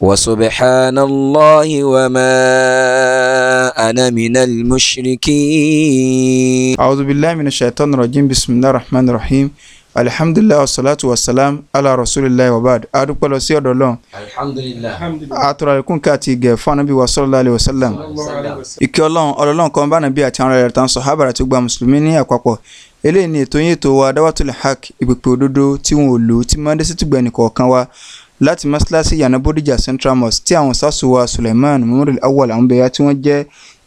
وسبحان الله وما أنا من المشركين أعوذ بالله من الشيطان الرجيم بسم الله الرحمن الرحيم alihamdulilayi wasalaatu wasalaam ala rasulilayi wabaad adúpẹ́ lọ sí ọ̀dọ̀ Ọlọ́run atọrọ àlékún káàtì gẹ fún anabi wa sallallahu alayhi wa sallam ìkẹ́ Ọlọ́run ọlọlọrun kan bá nàbí àti àwọn ọ̀rẹ́ rẹ̀ tán sọ habara tó gba mùsùlùmí ní àpapọ̀ eléyìí ni ètò yín ètò wa dáwàtúlẹ̀ hak ìpèpè òdodo tí wọn ò lò tí máa ń dé sí tùgbẹ́ nìkọ̀ọ̀kan wa láti mọ́ṣáláṣí yànà bódìjà central mosque tí àwọn sásùwà suleiman muhammed awal àwọn bẹ̀yà tí wọ́n jẹ́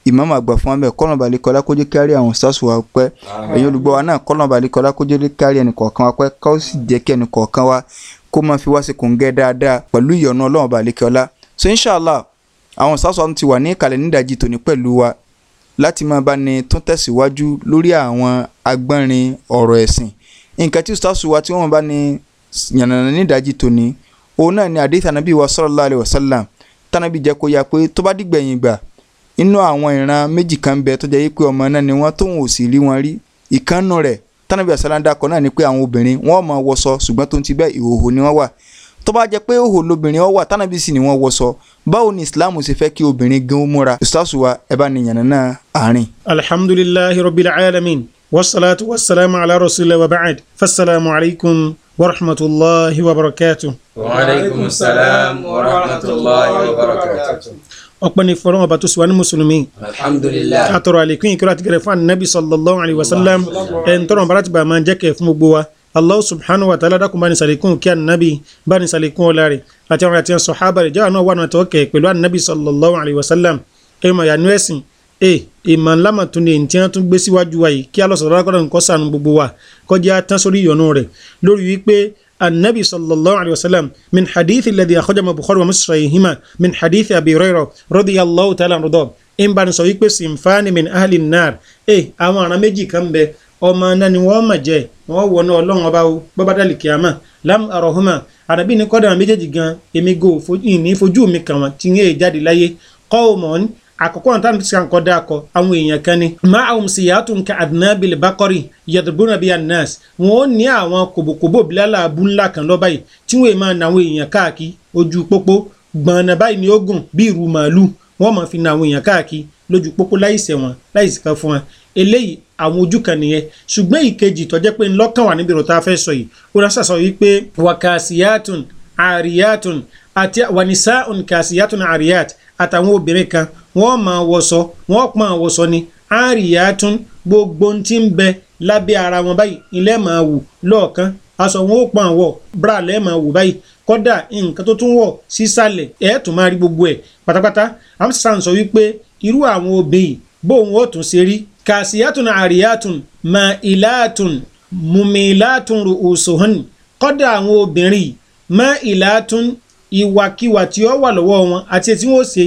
ìmáàmù àgbà fún abẹ kọ́nà balikọ́lá kó jẹ́ kárí àwọn sásùwà pẹ́ ẹ̀yin olùgbọ́ wa náà kọ́nà balikọ́lá kó jẹ́ kárí ẹnì kọ̀ọ̀kan wa pẹ́ ká ó sì jẹ́ kí ẹnì wa kó máa fi wá sí kòǹgẹ́ dáadáa pẹ̀lú ìyọ̀nù ọlọ́run balikọ́lá so inshallah àwọn sásùwà ti wà ní ìkàlẹ̀ nídàjì tòní pẹ̀lú wa láti máa bá ní tún tẹ̀síwájú lórí àwọn agbọ́nrin ọ̀rọ̀ ẹ̀sìn nǹkan tí sásùwà tí wọ́n bá ní yànnàná nídàjì tòní òun náà ni hadith anabi wa sallallahu alayhi wa sallam tanabi jẹ́ kó ya pé tó bá dìgbẹ̀yìn gbà inú àwọn ìran méjì kan bẹ tó jẹ́ pé ọmọ náà ni wọ́n tóun ò sì rí wọn rí ìkànnù rẹ̀ tanabi asalan dakọ náà ni pé àwọn obìnrin wọ́n máa wọṣọ ṣùgbọ́n tó ń ti bẹ́ẹ̀ ìhòòhò ni wọ́n wà tó bá jẹ́ pé òhò lobìnrin wọ́n wà tanabi sì ni wọ́n wọṣọ báwo ni islam ṣe fẹ́ kí obìnrin gan múra ìsásùwà ẹ bá ní yànnà náà àárín. alhamdulillahi rabbil alamin wasalaatu wasalaamu ala rasulillah wa ba'ad fasalaamu alaykum ورحمة الله وبركاته وعليكم السلام ورحمة الله وبركاته ọpẹ́ ni fọlọ́n ọba tó sì wá ní mùsùlùmí alhamdulillah àtọrọ àlékún ìkírà àti gẹrẹ fún ànábì sallallahu alayhi wa sallam ẹn tọrọ bàrà ti bà máa ń jẹ́ kẹ̀ fún gbogbo wa allah subhanahu wa ta'ala dákun bá ní sàlékún kí ànábì bá ní sàlékún ọlá rẹ̀ àti àwọn àti àwọn sọ̀hábà rẹ̀ náà wà náà tọ́ pẹ̀lú ànábì sallallahu alayhi wa ee ìmọ̀ ńlá mà tún ní èyí tí wọ́n tún gbé síwájú wa yìí kí alọ́sọ̀rọ̀ alákọ̀ọ́dọ̀ nǹkan sànù gbogbo wa kọjá tán sórí ìyọnu rẹ̀ lórí wípé النبي صلى الله عليه وسلم من حديث الذي أخرجه البخاري ومسلم من حديث أبي هريرة رضي الله تعالى عنه رضاه إن بان سويك سنفان من أهل النار إيه أما أنا مجي كم به ọmọ náà ni wọn mọ jẹ wọn wọnà Ọlọ́run ọba o bọba dálì kíámà lam arọhùnmá àdàbí ní kódà méjèèjì gan èmi go ìní fojú mi kàn wọn tí ń láyé kọ́ ọmọ àkọ́kọ́ náà táwọn ti sàn kọ́ dáa kọ àwọn èèyàn kan ni. má àwọn síyàtò nǹkan adnábìlì bákọ́rì yadrubuna bíi anas wọn ò ní àwọn kòbòkòbò bílálà abú ńlá kan lọ́ba yìí tí wọ́n máa na àwọn èèyàn káàkiri ojú pópó gbọ̀nà báyìí ni ó gùn bí ìrù màálù wọ́n máa fi na àwọn èèyàn káàkiri lójú pópó láìsẹ̀ wọn láìsí kan fún wọn eléyìí àwọn ojú kan nìyẹn ṣùgbọ́n ìkejì tó pé ńlọ́kàn wà níbi ìrọ̀tà fẹ́ sọ yìí ó rásà sọ wípé wàkàsíyàtùn àríyàtùn àti wànísàùn kàsíyàtùn àríyàt àtàwọn obìnrin kan wọ́n máa wọṣọ wọ́n pọ́n àwọṣọ ni àríyàtún gbogbo tí ń bẹ lábẹ́ ara wọn báyìí ilẹ̀ máa wù lọ́ọ̀kan aṣọ wọn ó pọ́n àwọ̀ bra lẹ́ẹ̀ máa wù báyìí kódà nǹkan tó tún wọ̀ sísàlẹ̀ ẹ̀ tún máa rí gbogbo ẹ̀ pátápátá amsan sọ wípé irú àwọn obìnrin bóun ó tún ṣe rí kàṣíyàtún àríyàtún màìlàtún mùmìlàtún rùsùhùn kódà àwọn obìnrin màìlàtún ìwàkiwà tí ó wà lọ́wọ́ wọn àti ètí wọn ó ṣe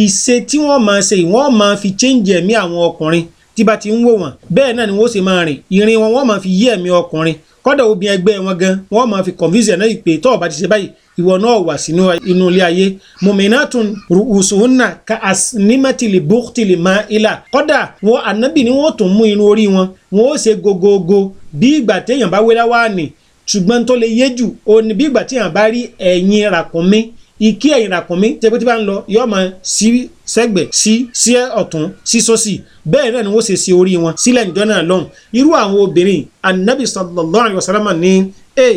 ìṣe tí wọ́n máa ṣe wọ́n máa fi change ẹ̀mí àwọn ọkùnrin tí bá ti ń wò wọ́n bẹ́ẹ̀ náà ni wọ́n ṣe máa rìn ìrìn wọn wọ́n máa fi yí ẹ̀mí ọkùnrin kọ́dà obìnrin ẹgbẹ́ wọn gan wọ́n máa fi convince ẹ̀ náà ìpè tó bá ti ṣe báyìí ìwọ náà wà sínú inú ilé ayé muminatun ruusuhunna ka asnimatili buktili ma ila kọ́dà wọn ànábì ni wọ́n tún mú irun orí wọn wọn ó ṣe gogogo bí ìgbà téèyàn bá wé láwàánì ṣùgbọ́n tó lè yéjù òní bí ìgbà téèyàn bá rí ẹ̀yìn ràkúnmí ìkí ẹ̀yìn ràkúnmí tẹ́gbẹ́ tí bá ń lọ yóò máa sí sẹ́gbẹ̀ sí sí ọ̀tún sí sósì bẹ́ẹ̀ náà ni wọ́n ṣe sí orí wọn sílẹ̀ níjọ́ náà lọ́hùn irú àwọn obìnrin anabi sallallahu alayhi wa sallam ní e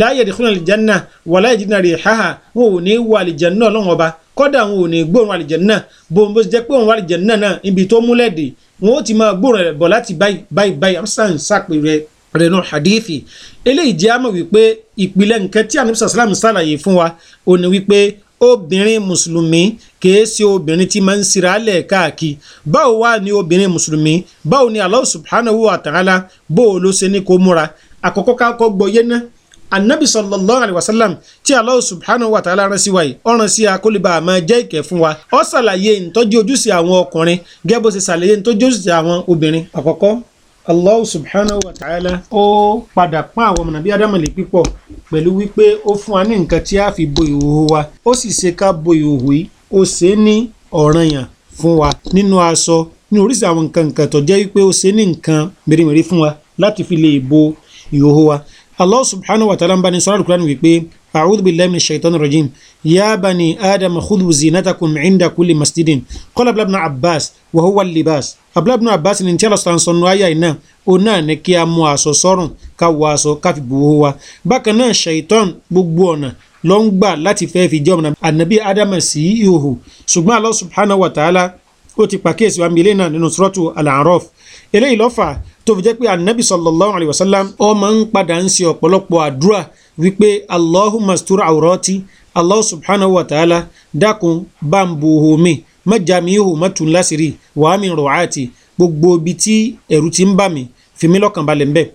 láyẹ̀dẹ̀kúnlẹ̀ àlìjánná wà láyẹ̀dẹ̀kúnlẹ̀ àlìjáhà wọn ò ní wọ àlìjánná ọlọ́run ọba kọ́dà wọn ò ní gbóòrùn àlìjánná bòun bó ṣe jẹ́ pé òun wà àlìjánná náà ibi tó múlẹ̀ dé wọn ó ti máa gbóòrùn rẹ̀ bọ̀ láti báyìí báyìí báyìí amsan sápẹ̀ rẹ̀ rẹ̀nù hadithi eléyìí jẹ́ àmọ̀ wípé ìpìlẹ̀ nǹkan tí àníbísà sàlámù sàlàyé fún wa ó ní wípé obìnrin mùsùlùmí kìí ṣe obìnrin tí máa ń siralẹ̀ káàkiri báwo wá ní obìnrin mùsùlùmí báwo ni Allah subhanahu wa ta'ala bó o ló ṣe ní kó múra àkọ́kọ́ káàkọ́ gbọ́yé ná anabi sallallahu alayhi wa sallam tí Allah subhanahu wa ta'ala rán sí wa yìí ọ̀ràn sí akólébà àmọ́ jẹ́ ìkẹ́ fún wa ó ṣàlàyé ntọ́jú ojúṣe àwọn ọkùnrin gẹ́gẹ́ ṣe ṣàlàyé ntọ́jú ojúṣe àwọn obìnrin àkọ́kọ́ allah subhanahu wa ta'ala ó padà pọ́n àwọn ọmọ nàbí ádámù pípọ̀ pẹ̀lú wípé ó fún wa ní nǹkan tí a fi bo ìhòòhò wa ó sì ṣe ká bo ìhòòhò yìí ó ṣe é ní ọ̀ranyàn fún wa nínú aṣọ ní oríṣi àwọn nǹkan nǹkan tó jẹ́ wípé ó ṣe é ní nǹkan mèremère fún wa láti fi lè bo ìhòòhò wa allah subhanahu wa ta'ala ń bá ní sọ́rọ́ àlùkùránì wípé أعوذ بالله من الشيطان الرجيم يا بني آدم خذوا زينتكم عند كل مسجد قال ابن عباس وهو اللباس abúlé ibùnú abbas ní tí alọ́sọ̀tà ń sọ nu ayé iná òun náà ní kí a mú aṣọ sọ́rùn ká wọ aṣọ ká fi bùwọ́ wa bákan náà ṣèitán gbogbo ọ̀nà ló ń gbà láti fẹ́ fi jẹ́ ọmọ ànábì ádámà sí ìhòhò ṣùgbọ́n Allah subhanahu wa ta'ala ó ti pàkíyèsí wa mi ilé náà nínú suratu al-A'raf eléyìí ló fà tó fi jẹ́ pé anabi sallallahu alayhi wa sallam ó máa ń padà ń ṣe ọ̀pọ̀lọpọ̀ àdúrà wípé allahumma astur awrati allah subhanahu wa ta'ala dákun bá ń bo omi májàmí ihò mọ́tún lásìrí wàá mi rọ̀ àti gbogbo ibi tí ẹ̀rù ti ń bà mí fìmí lọ́kàn balẹ̀ ńbẹ̀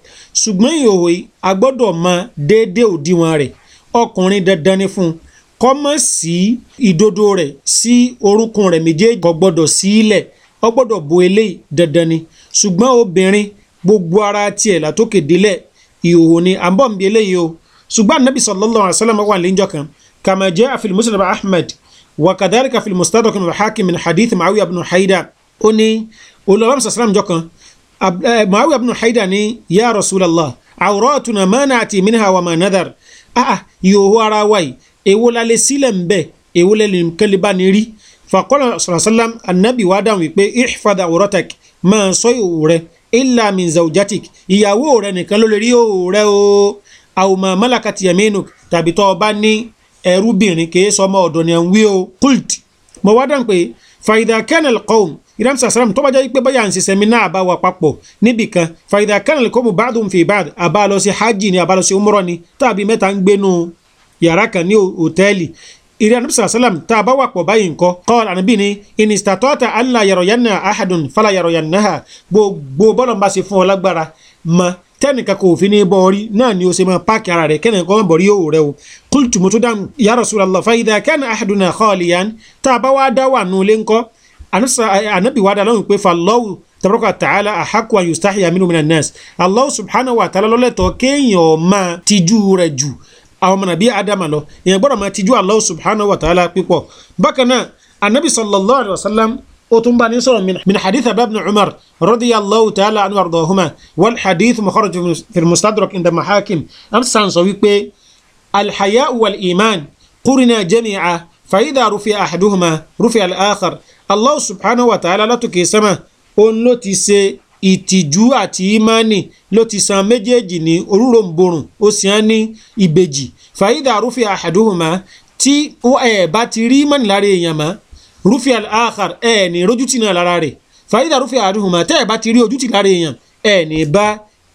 ṣùgbọ́n ìhòòhò a gbọ́dọ̀ mọ déédéé òdiwọ̀n rẹ̀ ọkùnrin dandan ni fún un kọ́ mọ̀ sí ìdodo rẹ̀ sí orúnkún rẹ̀ méjèèjì kò gbọ́dọ̀ sílẹ̀ ó gbọ́dọ̀ bo eléyìí dandan ni ṣùgbọ́n obìnrin gbogbo ara tiẹ̀ látòkè délẹ̀ ìhòòhò ni à ń bọ̀ ń bi eléyìí o ṣùgbọ́n anabi sallallahu alayhi wa sallam wà lẹ́njọ́ kan kama jaa fil musnad ahmed wa kadhalika fil mustadrak min hakim min hadith maawiya ibn haida ó ní olùwàbàmù sàlám jọ kan eh, maawiya ibn haida ní ya rasulallah awratuna ma naati minha wa ma nadhar ah, ah ìhòòhò ara wa yìí èwo la sílẹ̀ ń bẹ̀ èwo la kẹ́lẹ́ bá ní rí faqala sallallahu anabi wa dáhùn wípé ihfad awratak máa sọ ìhòòhò rẹ̀ illa min zawjatik ìyàwó rẹ nìkan ló lè rí òwò rẹ o àwòmọ̀ malakat yaminuk tàbí tọ́ ọ bá ní ẹrúbìnrin kì í sọmọ ọ̀dọ̀ ni à ń wí o kult mo wá dàn pé faida kennel qawm iram sasalam tó bá jẹ́ pé báyà ń ṣe sẹ́mínà àbá papọ̀ níbì faida kennel qawm ba'dhum fi ba'd àbá hajj ni àbá umrọ ni tàbí mẹ́ta ń gbénu yàrá kan ní òtẹ́ẹ̀lì ìrẹ́ anabi sallallahu alayhi wa sallam tá a bá wà pọ̀ báyìí nǹkan kọ́ọ̀lù anabi ni ìnìsítàtọ́ta allah yàrọ̀yánná ahadun fala yàrọ̀yánná ha gbogbo bọ́lọ̀ ń bá ṣe fún ọ lágbára mọ́ tẹ́nìkan kò fi ní bọ́ náà ni o ṣe máa páàkì ara rẹ̀ kẹ́nìkan kan bọ̀ rí rẹ o kultu mo tún dáhùn ya Rasulullah fa idha kana ahaduna khaliyan tá a bá wá dá wà nù lé anabi wa dá lóhùn pé fallahu tabaraka ta'ala ahaqqu an yustahiya minhu minan nas subhanahu wa ta'ala lọ́lẹ́tọ̀ kéèyàn máa tijú rẹ̀ jù àwọn ọmọ nàbí adama lọ èèyàn gbọ́dọ̀ máa tijú Allah subhanahu wa ta'ala pípọ̀ bákan náà anabi sallallahu alayhi wa sallam ó tún bá ní sọ̀rọ̀ min hadith abab ibn umar radiyallahu ta'ala anhu ardahuma wal hadith mukharraj fi mustadrak inda mahakim amsan sọ wípé alhaya wal iman qurina jami'a fa idha rufi ahaduhuma rufi al Allah subhanahu wa ta'ala látòkè sama òun ló ti ṣe ìtìjú àti ìmánì ló ti san méjèèjì ní orúròǹborùn ó sì án ní ìbejì fàyídà rúfì àhàdúhùmá tí ẹ bá ti rí ìmánì lára èèyàn mọ́ rúfì àhàr ẹ ní rójútì náà lára rẹ̀ fàyídà rúfì àhàdúhùmá tẹ́ ẹ bá ti rí ojútì lára èèyàn ẹ ní bá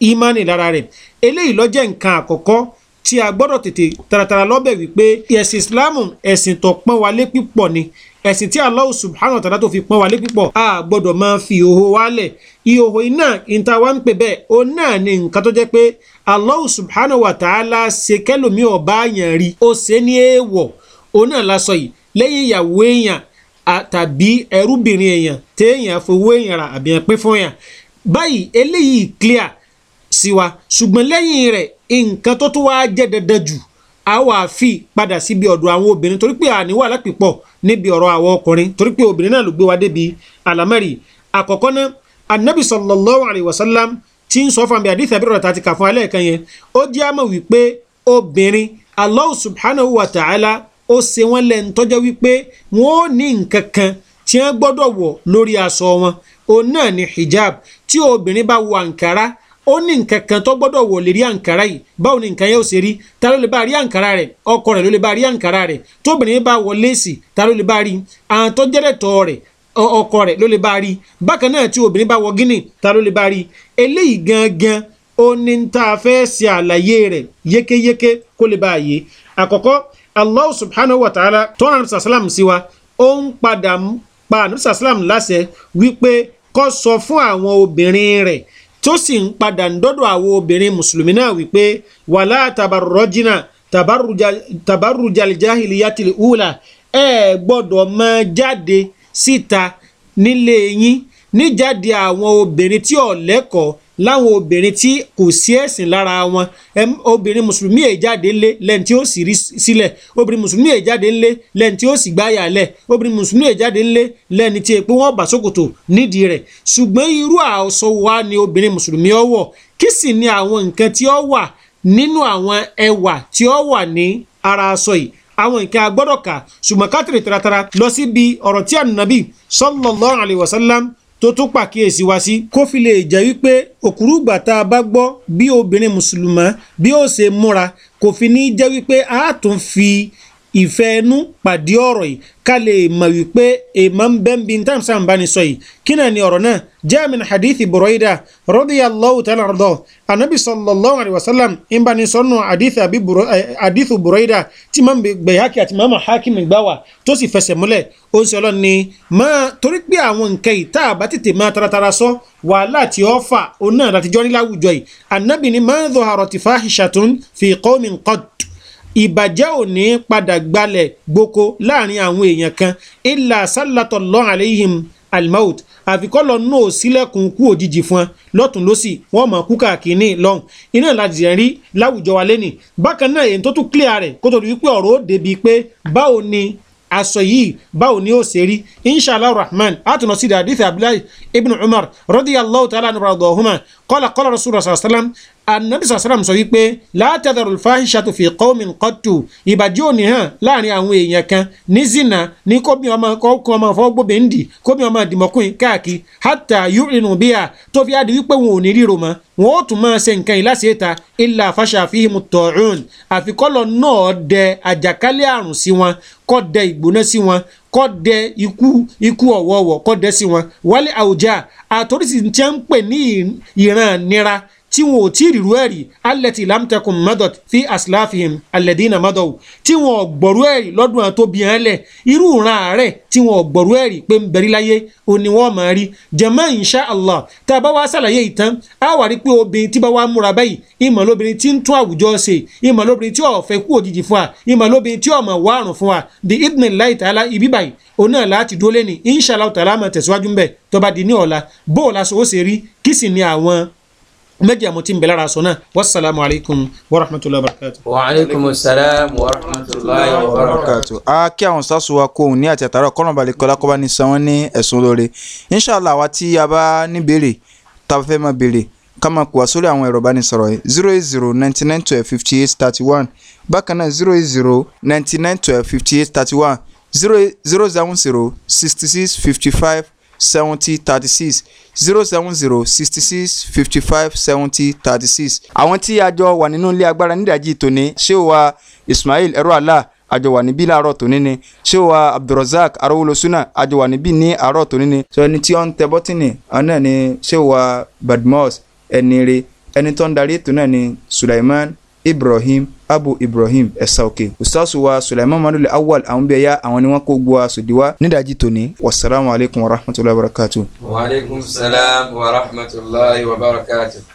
ìmánì lára rẹ̀ eléyìí ló jẹ́ nǹkan àkọ́kọ́ tí a gbọ́dọ̀ tètè taratara lọ́bẹ̀ wípé ẹ̀sìn Islam ẹ̀sìn tó pọ́n wálé pípọ̀ ni ẹ̀sìn tí Allah subhanahu wa ta'ala tó fi pọ́n wálé púpọ̀ a gbọ́dọ̀ máa fi ìhòhò wálẹ̀ ìhòhò iná ìta wa ń pè bẹ́ẹ̀ ó náà ní nǹkan tó jẹ́ pé Allah subhanahu wa ta'ala ṣe kẹ́lòmí ọ̀bá àyàn rí ó ṣe ní èèwọ̀ ó náà lásọ yìí lẹ́yìn ìyàwó èèyàn tàbí ẹrúbìnrin èèyàn téèyàn fowó èèyàn rà àbí pín fún èèyàn báyìí eléyìí clear sí wa ṣùgbọ́n lẹ́yìn rẹ̀ nǹkan tó tún wá jẹ́ dandan jù a wà fi padà síbi ọ̀dọ̀ àwọn obìnrin torí pé àní wà lápìpọ̀ níbi ọ̀rọ̀ àwọn ọkùnrin torí pé obìnrin náà ló gbé wa débi àlámẹ́rì àkọ́kọ́ náà anabi sallallahu alayhi wa sallam ti ń sọ fún mi àdìsí àbírọ̀ tàti kà fún alẹ́ kan yẹn ó jẹ́ àmọ̀ wípé obìnrin Allah subhanahu wa ta'ala ó ṣe wọ́n lẹ́nu tọ́jọ́ wípé wọ́n ó ní nǹkan kan tí gbọ́dọ̀ wọ̀ lórí aṣọ wọn òun náà ni hijab tí obìnrin bá wọ àǹkárá ó ní nǹkan kan tó gbọ́dọ̀ wọ̀ lè rí àǹkárá yìí báwo ni nǹkan yẹn ò ṣe rí ta ló lè bá rí àǹkárá rẹ̀ ọkọ rẹ̀ ló lè bá rí àǹkárá rẹ̀ tóbìnrin bá wọ léèsì ta ló lè bá rí àwọn tó jẹ́rẹ̀ tọ́ rẹ̀ ọkọ rẹ̀ ló lè bá rí bákan náà tí obìnrin bá wọ gíní ta ló lè bá rí eléyìí gangan ó ní tá fẹ́ ṣe àlàyé rẹ̀ yékéyéké kó lè bá a yé àkọ́kọ́ Allah subhanahu wa ta'ala tọ́ra nàbísà sálàm sí wa ó ń padà pa nàbísà sálàm láṣẹ wípé kó sọ fún àwọn obìnrin rẹ̀ tó sì ń padà ń dọ́dọ̀ àwọn obìnrin mùsùlùmí náà wípé wàlá tabarrọ́jìnà tabarrujalijahili yatili hula ẹ eh, gbọ́dọ̀ máa jáde síta nílé yín níjáde àwọn obìnrin tí ò lẹ́kọ̀ọ́ láwọn obìnrin tí kò sí ẹ̀sìn lára wọn obìnrin mùsùlùmí èyí jáde ńlé lẹ́ni tí ó sì rí sílẹ̀ obìnrin mùsùlùmí èyí jáde ńlé lẹ́ni tí ó sì gbáyà lẹ̀ obìnrin mùsùlùmí èyí jáde ńlé lẹ́ni tí èpè wọn bá ṣòkòtò nídìí rẹ̀ ṣùgbọ́n irú aṣọ wa ni obìnrin mùsùlùmí ó kí sì ni àwọn nǹkan tí ó wà nínú àwọn ẹwà tí ó wà ní ara aṣọ yìí àwọn nǹkan agbọ́dọ̀ kà ṣùgbọ́n kátìrì taratara lọ síbi ọ̀rọ̀ tí ànàbì sallallahu alaihi wasallam tó tún pàkíyèsí wa sí kó fi lè jẹ́ wípé òkúrú ìgbà tá a bá gbọ́ bí obìnrin mùsùlùmá bí ó ṣe múra kò fi ní jẹ́ wípé a tún fi ìfẹ́ ẹnu pàdé ọ̀rọ̀ yìí ká lè mọ̀ wípé èèmọ̀ ń bẹ́ ń bi tá à ń sàn bá ní sọ yìí kí náà ni ọ̀rọ̀ náà jẹ́ min hadithi Buraida radiyallahu ta'ala anhu anabi sallallahu alayhi wa sallam ń bá ní sọ́nù hadithu Buraida eh, tí máa ń gbẹ̀ hákì àti máa mọ̀ Hakim gbà wá tó sì fẹsẹ̀ múlẹ̀ ó ń sọ lọ ni máa torí pé àwọn nǹkan yìí tá a bá tètè máa taratara sọ wàhálà tí ó òun náà láti jọ́ níláwùjọ yìí anabi ni ma dhaharati fahishatun fi qawmin qad ìbàjẹ́ ò ní padà gbalẹ̀ gboko láàrin àwọn èèyàn kan ilà sálàtọ̀ lọ́n àléhìm almaut àfikọ́ lọ nù ó sílẹ̀kùn kú òjijì fún ẹ lọ́tún lọ́sì wọ́n mọ̀ kú káàkiri lọ́hùn iná láti rẹ̀ rí láwùjọ wa lẹ́nì bákan náà èyí tó tún clear rẹ̀ kó tó di wípé ọ̀rọ̀ ó débi pé báwo ni aṣọ yìí báwo ni ó ṣe rí inshallah rahman àtúnà sí hadith abdullahi ibn umar radiyallahu ta'ala anhu radiyallahu huma qala qala rasulullah sallallahu alaihi wasallam anabi sàsàràm sọ wípé látàdàrú fàáhìṣàtò fi qawmin qattu ìbàjẹ́ òní hàn láàrin àwọn èèyàn kan ní zina ní kóbi ọmọ kọ́kọ́ ọmọ fọ́gbọ́bẹ̀ ń dì kóbi ọmọ dìmọ̀kùn káàkiri hàtà yúrinù bíyà tó fi àdì wípé wọn ò ní ríro mọ́ wọn ó tún máa ṣe nǹkan yìí láti ìta ilà fàṣàfihìmù tọ̀ọ̀rùn àfikọ́lọ̀ náà dẹ àjàkálẹ̀ àrùn sí wọn kọ́ dẹ ìgbóná sí wọn kọ́ dẹ ikú ikú ọ̀wọ̀ọ̀wọ̀ kọ́ dẹ sí wọn wálé àwùjá àtòrísì ń pè ní ìran nira tí wọn ò tí ìrìrú ẹ̀rí alẹ́tì lamtẹkùn madot fi aslafihim alẹ́dínà madọ̀ tí wọn ò gbọ̀rú ẹ̀rí lọ́dún àtó bí hàn lẹ̀ irú ìran ààrẹ tí wọn ò gbọ̀rú ẹ̀rí pé ń bẹ̀rí láyé òní wọn máa rí jẹ̀mọ́ insha allah tá a bá wá sàlàyé ìtàn á wà rí pé obìnrin tí bá wá múra báyìí ìmọ̀ lóbìnrin tí ń tún àwùjọ ṣe ìmọ̀ lóbìnrin tí ọ̀fẹ́ kú òjijì méjì àmọ́ tí ń bẹ lára aṣọ náà wasalaamu alaykum wa rahmatulahi wa barakatu. wa aleykum salaam wa rahmatulahi wa barakatu. a kí àwọn sásù wa kóhun ní àti àtàrà kọ́nà balẹ̀ kọ́lá kọ́ba ní sanwó ní ẹ̀sùn lóore inshàlá àwa tí a bá ní béèrè tá a fẹ́ máa béèrè ká máa kó wa sórí àwọn ẹ̀rọ ìbánisọ̀rọ̀ yìí zero eight zero ninety nine twelve fifty eight thirty one bákan náà zero eight zero ninety nine twelve fifty eight thirty one zero zero seven zero sixty six fifty five seventy thirty six zero seven zero sixty six fifty five seventy thirty six. àwọn tí a jọ wà nínú ilé agbára nídàjí tòní ṣé o wa Ismail ẹ̀rọ àlá àjọ wà níbí láàárọ̀ tòní ni ṣé o wa Abdulrasaq arówólosúnà àjọ wà níbí ní àárọ̀ tòní ni. sọ ẹni tí ó ń tẹ bọ́tìnì ọ̀hún náà ni ṣé o wa Badmus ẹni rè ẹni tó ń darí ètò náà ni Sulaiman ibrahim abu ibrahim ẹ̀sà òkè ustaasu wa sulaiman manuel awal àwọn bẹ́ẹ̀ yá àwọn ni wọ́n kó gbọ́ aṣòdì wa nídàájí tòní wasalaamualeykum wa rahmatulahi wa salaam wa rahmatulahi wa barakatu.